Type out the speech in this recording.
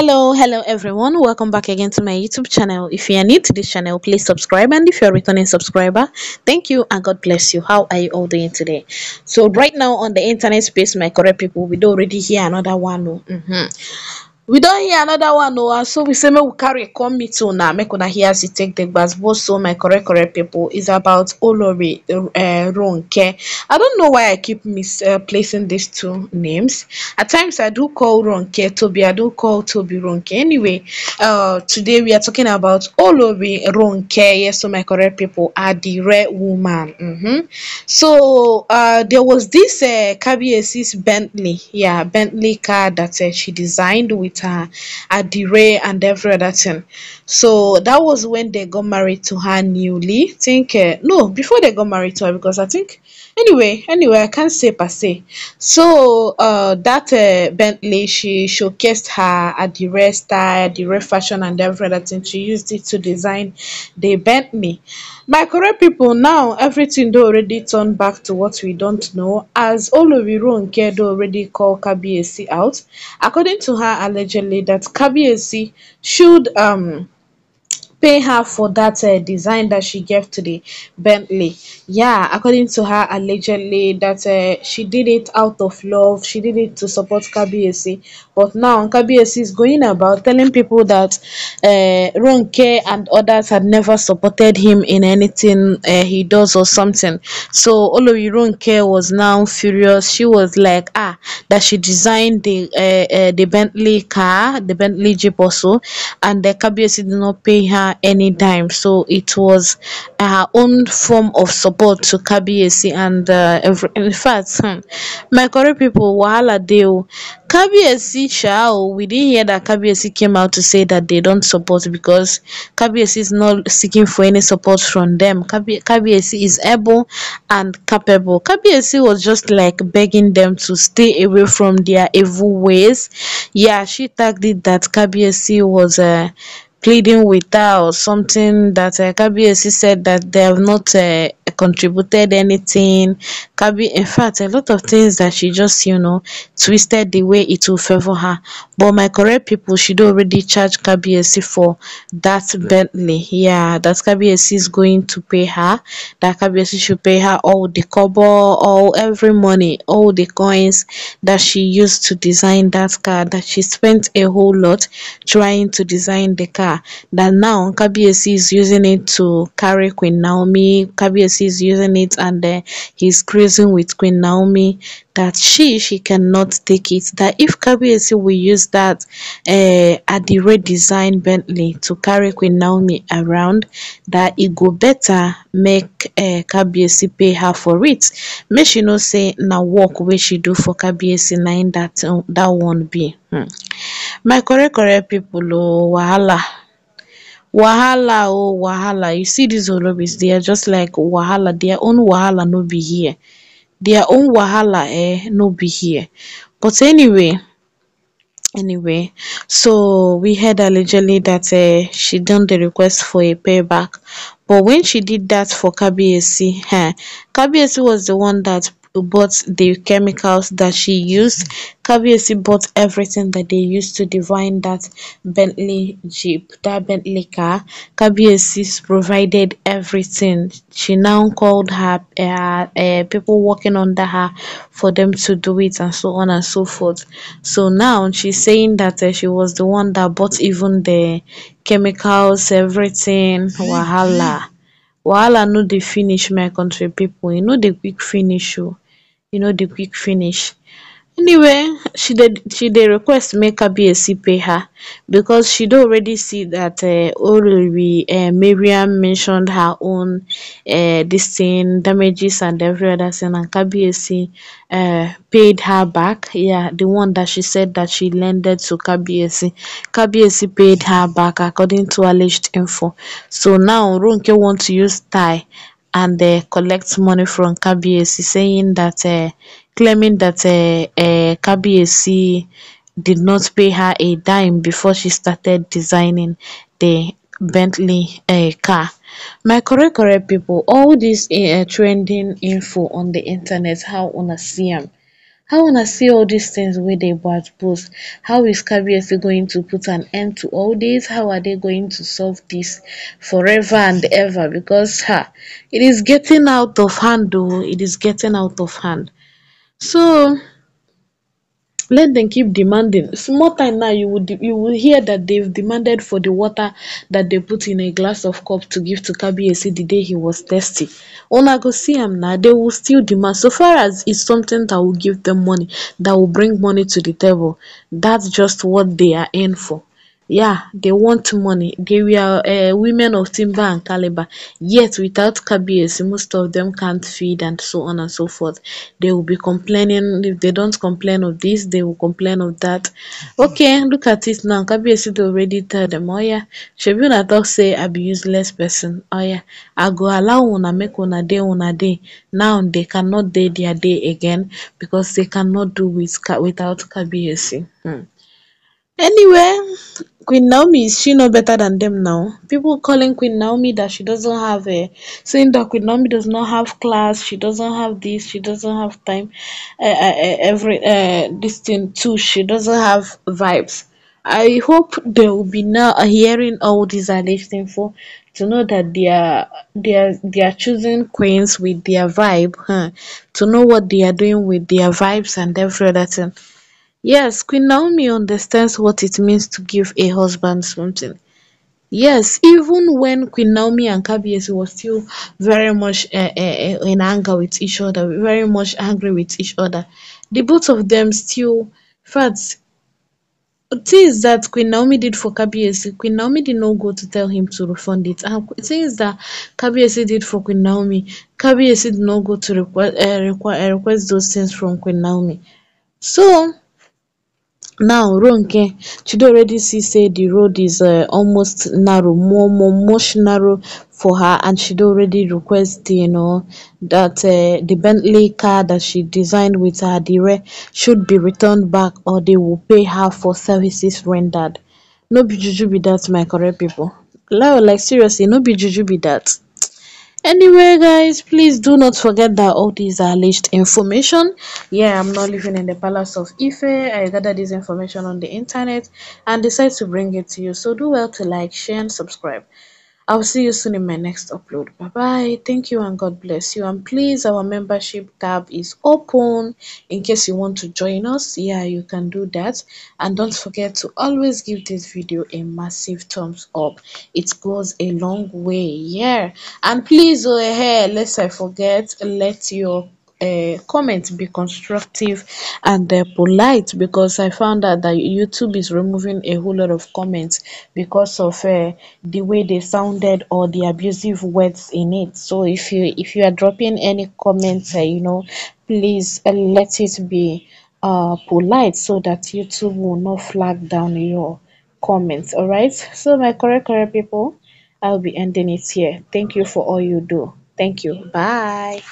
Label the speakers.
Speaker 1: hello hello everyone welcome back again to my youtube channel if you are new to this channel please subscribe and if you're a returning subscriber thank you and god bless you how are you all doing today so right now on the internet space my correct people we do already hear another one mm -hmm we don't hear another one, oh, and so we say we carry come meet oh, now. make una hear as e take dey gbasgbo so my correct correct pipo is about olori uh, ronke i don't know why i keep misplacing uh, these two names at times i do call ronke Toby. i do call Toby ronke anyway uh today we are talking about olori ronke yes so my correct pipo adire woman mm -hmm. so uh there was this uh kabiyesi's bentley yeah bentley car that uh, she designed with at her at the ray and every other thing so that was when they got married to her newly think uh, no before they got married to her because i think anyway anyway i can't say per se so uh, that uh, bentley she showcased her at the ray style the ray fashion and every other thing she used it to design the bentley my correct people now everything do already turn back to what we don't know as oloriru nkedo already called kbac out according to her alleged allegedly that Kabiyesi should um pay her for that uh, design that she gave to the Bentley. Yeah, according to her, allegedly that uh, she did it out of love. She did it to support KBSC. But now KBSC is going about telling people that uh, Ronke and others had never supported him in anything uh, he does or something. So all of you Ronke was now furious. She was like, ah, that she designed the uh, uh, the Bentley car, the Bentley Jeep also, and the KBSC did not pay her her anytime. So it was her own form of support to KBAC and uh, every, in fact, hmm, my current people, wahala deal. KBAC, shall we didn't hear that KBAC came out to say that they don't support because KBAC is not seeking for any support from them. KB, is able and capable. KBAC was just like begging them to stay away from their evil ways. Yeah, she tagged it that KBAC was a uh, pleading with her or something that uh, said that they have not uh, contributed anything kabi in fact a lot of things that she just you know twisted the way it will favor her but my correct people should already charge kbsc for that bentley yeah that kbsc is going to pay her that kbsc should pay her all the cobble, all every money all the coins that she used to design that car that she spent a whole lot trying to design the car that now kbsc is using it to carry queen naomi kbsc he's using it and uh, he's cruising with Queen Naomi that she she cannot take it that if KBAC will use that uh, at the design Bentley to carry Queen Naomi around that it go better make uh, KBAC pay her for it make she know say now work where she do for KBAC nine that uh, that not be hmm. my correct correct people oh, wahala wahala oh wahala you see these olobis they are just like wahala their own wahala no be here their own wahala eh no be here but anyway anyway so we heard allegedly that uh, she done the request for a payback but when she did that for kbac huh? kbac was the one that bought the chemicals that she used. Kabiesi bought everything that they used to divine that Bentley Jeep, that Bentley car. Kabiesi provided everything. She now called her uh, uh, people working under her for them to do it and so on and so forth. So now she's saying that uh, she was the one that bought even the chemicals, everything, wahala. wahala no dey finish my country pipo e no dey quick finish o oh. e no dey quick finish anyway she did she did request make bsc pay her because she already see that um oriri um her own um this thing damages and every other thing and uh, paid her back yeah the one that she said that she lended to kabiyesi kabiyesi paid her back according to alleged info so now Runke want to use tie and uh, collect money from kabiyesi saying that claiming that uh, eh, uh, eh, Kabiesi did not pay her a dime before she started designing the Bentley uh, car. My correct correct people, all this uh, trending info on the internet, how on see CM. How wanna see all these things where they bad post? How is Kabiyesi going to put an end to all this? How are they going to solve this forever and ever? Because ha, it is getting out of hand o, it is getting out of hand. So let them keep demanding. Small time now, you would you will hear that they've demanded for the water that they put in a glass of cup to give to Kabiesi the day he was thirsty. Una go see him now. They will still demand. So far as it's something that will give them money, that will bring money to the table. That's just what they are in for yeah they want money they were uh, women of timber and caliber yet without kbs most of them can't feed and so on and so forth they will be complaining if they don't complain of this they will complain of that okay look at it now kbs already tell them oh yeah tribuna talk say i be useless person oh yeah i go allow una make una day una day now they cannot day their day again because they cannot do with without kbs Hmm. Anyway, Queen Naomi is she no better than them now? People calling Queen Naomi that she doesn't have a saying that Queen Naomi does not have class, she doesn't have this, she doesn't have time, uh, uh, every uh, this thing too, she doesn't have vibes. I hope they will be now hearing all these alleged for to know that they are they are they are choosing queens with their vibe, huh? To know what they are doing with their vibes and every other thing. Yes, Queen Naomi understands what it means to give a husband something. Yes, even when Queen Naomi and Kabiesi were still very much uh, uh, in anger with each other, very much angry with each other, the both of them still, facts, things that Queen Naomi did for Kabiesi, Queen Naomi did not go to tell him to refund it. And things that Kabiesi did for Queen Naomi, Kabiesi did not go to request, uh, request, request those things from Queen Naomi. So, now ronke chido already see say the road is uh, almost narrow more more much narrow for her and she'd already request you know, that uh, the bentley car that she designed with her direct should be returned back or they will pay her for services rendered no be juju be that, my correct people. like seriously no be juju be dat Anyway, guys, please do not forget that all these are alleged information. Yeah, I'm not living in the palace of Ife. I gathered this information on the internet and decided to bring it to you. So do well to like, share, and subscribe. I'll see you soon in my next upload. Bye bye. Thank you and God bless you. And please, our membership tab is open in case you want to join us. Yeah, you can do that. And don't forget to always give this video a massive thumbs up. It goes a long way. Yeah. And please, oh, hey, lest I forget, let your uh, comment be constructive and uh, polite because I found out that YouTube is removing a whole lot of comments because of uh, the way they sounded or the abusive words in it. So if you if you are dropping any comments, uh, you know, please uh, let it be uh, polite so that YouTube will not flag down your comments. All right. So my correct correct people, I'll be ending it here. Thank you for all you do. Thank you. Bye.